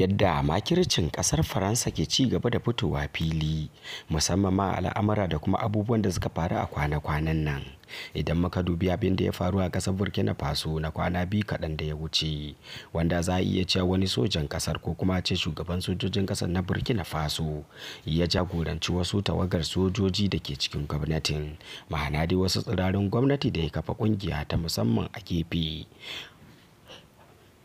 yadda makircin kasar faransa ke ci gaba da fitowa fili musamman ma al'amura da kuma abubuwan da suka faru a kwana-kwanan nan idan muka dubi abin da ya faru a kasar burkina faso na kwana biyu kaɗan da ya wuce wanda za a iya cewa wani sojan kasar ko kuma ce shugaban sojojin kasar na burkina faso ya jagoranci wasu tawagar sojoji da ke cikin gwamnatin ma'ana dai wasu tsirarin gwamnati da ya kafa ƙungiya ta musamman a gefe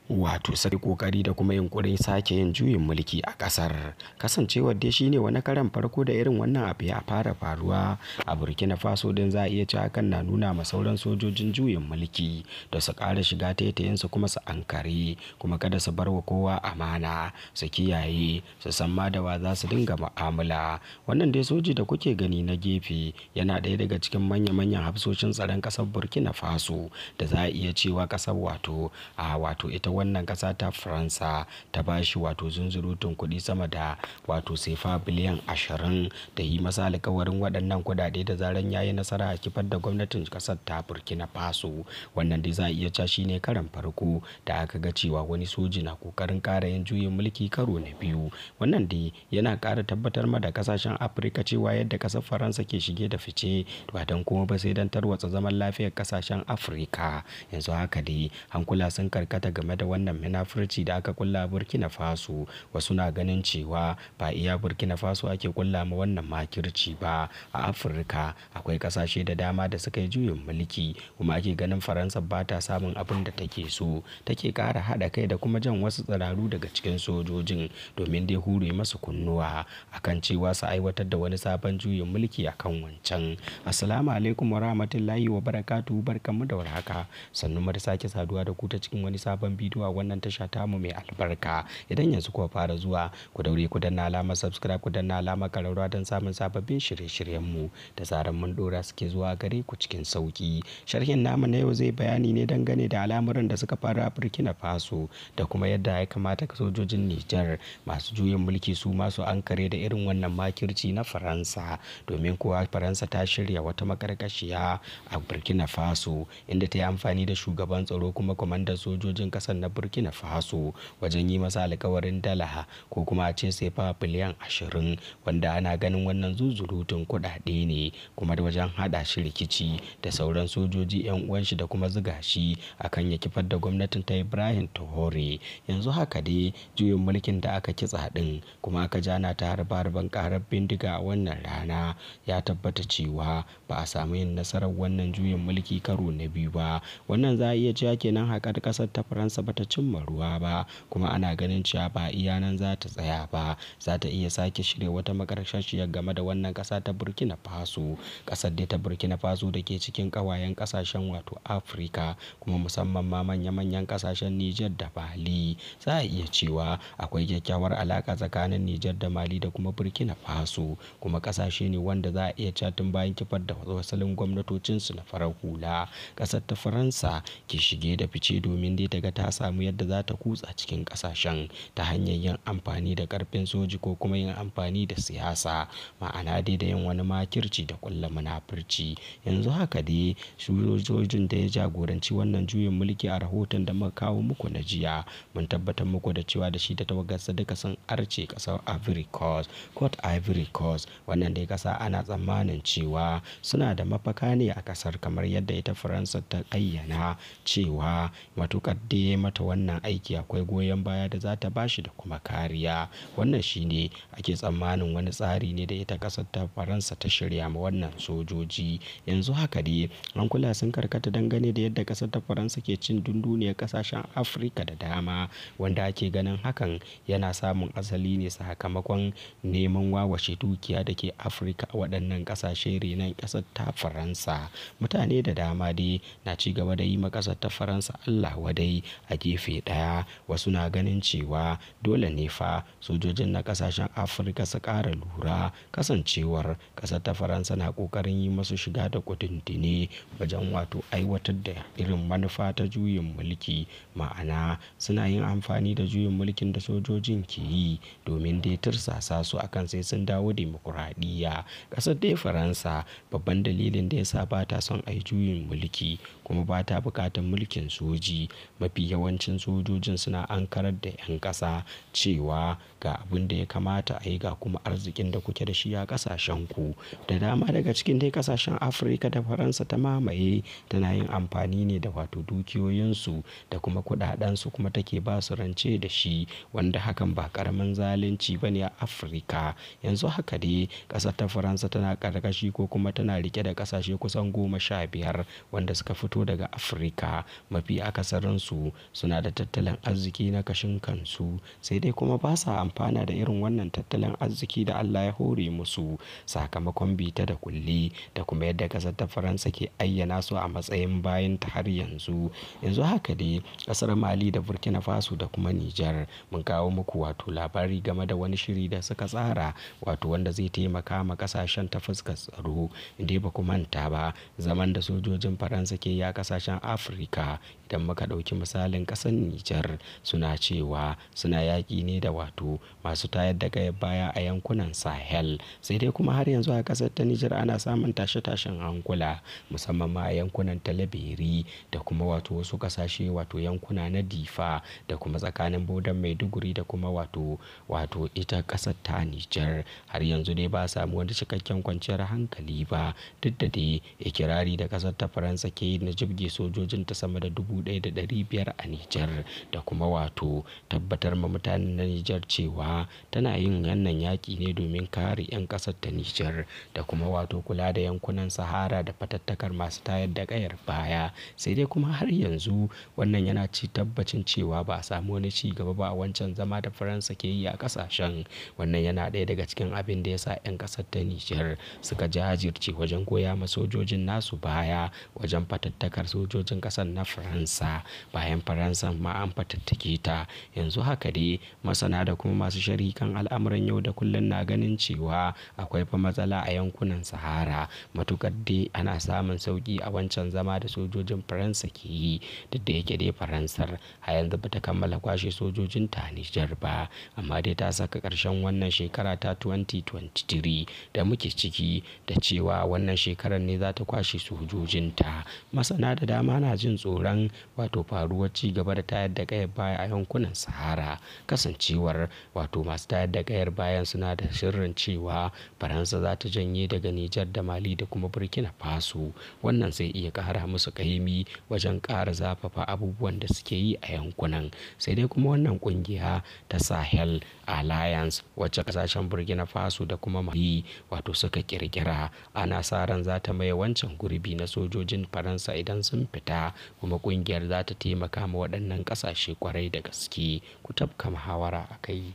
wato sai kokari da kuma yunkurin sake yin juyin mulki a kasar kasancewar dai shine wani karan farko da irin wannan abu ya fara faruwa a burkina faso din za a iya ci hakan na nuna ma sauran sojojin juyin mulki da su ƙara shiga taitayin su kuma su ankare kuma kada su bar wa kowa amana su kiyaye su san ma da wa za su dinga mu'amala wannan dai soji da kuke gani na gefe yana ɗaya daga cikin manya-manyan hafsoshin tsaron ƙasar burkina faso da za a iya cewa ƙasar wato a wato ita wannan ƙasa ta faransa ta bashi wato zunzurutun kuɗi sama da wato sefa biliyan ashirin da yi masa alkawarin waɗannan kuɗaɗe da zaran yayi nasara a kifar da gwamnatin ƙasar ta burkina faso wannan dai za a iya ca ne karan farko da aka ga cewa wani soji na ƙoƙarin ƙara yin juyin mulki karo na biyu wannan dai yana ƙara tabbatar ma da ƙasashen afirka cewa yadda ƙasar faransa ke shige da fice ba don kuma ba sai don tarwatsa zaman lafiyar ƙasashen afirka yanzu haka dai hankula sun karkata game da da wannan munafurci da aka kulla burkina faso wasu na ganin cewa ba iya burkina faso ake kulla ma wannan makirci ba a afirka akwai kasashe da dama da suka yi juyin mulki kuma ake ganin faransa ba ta samun abin da take so take kara haɗa kai da kuma jan wasu tsiraru daga cikin sojojin domin dai hure masu kunnuwa akan cewa su aiwatar da wani sabon juyin mulki a kan wancan assalamu alaikum wa rahmatullahi wa barakatuhu barkanmu da warhaka sannu mu da sake saduwa da ku ta cikin wani sabon bidiyo zuwa wannan tasha tamu mai albarka idan yanzu kuwa fara zuwa ku daure ku danna alamar subscribe ku danna alamar kararrawa don samun sababbin shirye shiryen mu da zaran mun dora suke zuwa gare ku cikin sauki sharhin namu na yau zai bayani ne dangane da al'amuran da suka faru a burkina faso da kuma yadda ya kamata sojojin nijar masu juyin mulki su masu ankare da irin wannan makirci na faransa domin kuwa faransa ta shirya wata makarƙashiya a burkina faso inda ta yi amfani da shugaban tsaro kuma kwamandan sojojin kasar na burkina faso wajen yi masa alkawarin dala ko kuma a ce sai fawa biliyan ashirin wanda ana ganin wannan zuzurutun kuɗaɗe ne kuma da wajen haɗa shi rikici da sauran sojoji 'yan uwan shi da kuma zuga shi akan ya kifar da gwamnatin ta ibrahim tohore yanzu haka dai juyin mulkin da aka kitsa din kuma aka jana ta harba harban karar bindiga a wannan rana ya tabbata cewa ba a samu yin nasarar wannan juyin mulki karo na biyu ba wannan za a iya cewa kenan haƙar ƙasar ta faransa ba ta cimma ruwa ba. Kuma ana ganin cewa ba iya nan za ta tsaya ba. Za ta iya sake shirya wata maƙarƙashiyar game da wannan ƙasa ta Burkina Faso. Ƙasar dai ta Burkina Faso da ke cikin ƙawayen kasashen wato Afirka kuma musamman ma manya manyan ƙasashen Nijar da Mali. Za a iya cewa akwai kyakkyawar alaka tsakanin Nijar da Mali da kuma Burkina Faso. Kuma ƙasashe ne wanda za a iya cewa tun bayan kifar da wasalin gwamnatocinsu na farar hula. Ƙasar ta Faransa ke shige da fice domin dai ta ga ta sa samu yadda za ta kutsa cikin ƙasashen ta hanyar yin amfani da karfin soji ko kuma yin amfani da siyasa ma'ana dai da yin wani makirci da kulla munafurci yanzu haka dai sojojin da ya jagoranci wannan juyin mulki a rahoton da muka kawo muku na jiya mun tabbatar muku da cewa da shi da tawagarsa duka sun arce kasar ivory coast cote ivory coast wannan dai kasa ana tsammanin cewa suna da mafaka ne a kasar kamar yadda ita faransa ta ayyana cewa matuƙar dai mata wannan aiki akwai goyon baya da za ta ba shi da kuma kariya. Wannan shi ne ake tsammanin wani tsari ne da ita kasar ta Faransa ta shirya ma wannan sojoji. Yanzu haka dai kula sun karkata dangane da yadda ƙasar ta Faransa ke cin dunduniyar ƙasashen Afirka da dama wanda ake ganin hakan yana samun asali ne sakamakon neman wawashe dukiya da ke Afirka a waɗannan ƙasashe renon ƙasar ta Faransa. Mutane da dama dai na ci gaba da yi ma ƙasar ta Faransa Allah wadai a. gefe ɗaya wasu na ganin cewa dole ne fa sojojin na ƙasashen afirka su ƙara lura kasancewar ƙasar ta faransa na ƙoƙarin yi masu shiga da kudindine wajen wato aiwatar da irin manufa ta juyin mulki ma'ana suna yin amfani da juyin mulkin da sojojin ke yi domin dai tursasa su akan sai sun dawo demokuraɗiyya ƙasar dai faransa babban dalilin da ya sa ba ta son a yi juyin mulki kuma ba ta buƙatar mulkin soji mafi yawa yawancin sojojin suna ankarar da 'yan ƙasa cewa ga abin da ya kamata a yi ga kuma arzikin da kuke da shi a ƙasashen ku da dama daga cikin dai ƙasashen afirka da faransa ta mamaye tana yin amfani ne da wato dukiyoyinsu da kuma kuɗaɗensu kuma take ba su rance da shi wanda hakan ba ƙaramin zalunci ba ne a afirka yanzu haka dai ƙasar ta faransa tana ƙarƙashi ko kuma tana rike da ƙasashe kusan goma sha biyar wanda suka fito daga afirka mafi akasarinsu suna da tattalin arziki na kashin kansu sai dai kuma ba sa amfana da irin wannan tattalin arziki da Allah ya hore musu sakamakon bita da kulli da kuma yadda ƙasar ta Faransa ke ayyana su a matsayin bayan ta har yanzu yanzu haka dai ƙasar Mali da Burkina Faso da kuma Nijar mun kawo muku wato labari game da wani shiri da suka tsara wato wanda zai taimaka ma kasashen ta fuskar tsaro inda ba ku manta ba zaman da sojojin Faransa ke ya kasashen Afirka idan muka ɗauki misalin kasan Nijar suna cewa suna yaƙi ne da wato masu tayar da ƙayar baya a yankunan Sahel. Sai dai kuma har yanzu a ƙasar ta Nijar ana samun tashe-tashen hankula musamman ma a yankunan Talabiri da kuma wato wasu ƙasashe wato yankuna na Difa da kuma tsakanin bodan Maiduguri da kuma wato wato ita ƙasar ta Nijar. Har yanzu dai ba samu wani cikakken kwanciyar hankali ba duk da dai ikirari da ƙasar ta Faransa ke na jibge sojojin ta sama da dubu ɗaya da ɗari biyar a Nijar da kuma wato tabbatar ma mutanen na Nijar cewa tana yin wannan yaƙi ne domin kare 'yan ƙasar ta Nijar da kuma wato kula da yankunan Sahara da fatattakar masu tayar da ƙayar baya. Sai dai kuma har yanzu wannan yana ci tabbacin cewa ba a samu wani ci gaba ba a wancan zama da Faransa ke yi a ƙasashen. Wannan yana ɗaya daga cikin abin da ya sa 'yan ƙasar ta Nijar suka jajirce wajen goya ma sojojin nasu baya wajen fatattakar sojojin ƙasar na Faransa. Bayan Faransa. faransa ma an fatattake ta yanzu haka dai masana da kuma masu sharhi kan al'amuran yau da kullum na ganin cewa akwai fa matsala a yankunan sahara matukar dai ana samun sauki a wancan zama da sojojin faransa ke yi duk da yake dai faransar a yanzu bata kammala kwashe sojojin ta nijar ba amma dai ta saka karshen wannan shekara ta 2023 da muke ciki da cewa wannan shekarar ne za ta kwashe sojojinta masana da dama na jin tsoron wato faruwar ci gaba da tayar da kayar baya a yankunan sahara kasancewar wato masu tayar da kayar bayan suna da shirin cewa faransa za ta janye daga nijar da mali da kuma burkina faso wannan zai iya kara musu kaimi wajen kara zafafa abubuwan da suke yi a yankunan sai dai kuma wannan kungiya ta sahel alliance wacce kasashen burkina faso da kuma mali wato suka kirkira ana sa ran za ta maye wancan gurbi na sojojin faransa idan sun fita kuma kungiyar za ta taimaka ma waɗannan ƙasashe kwarai da gaske ku tafka muhawara a kai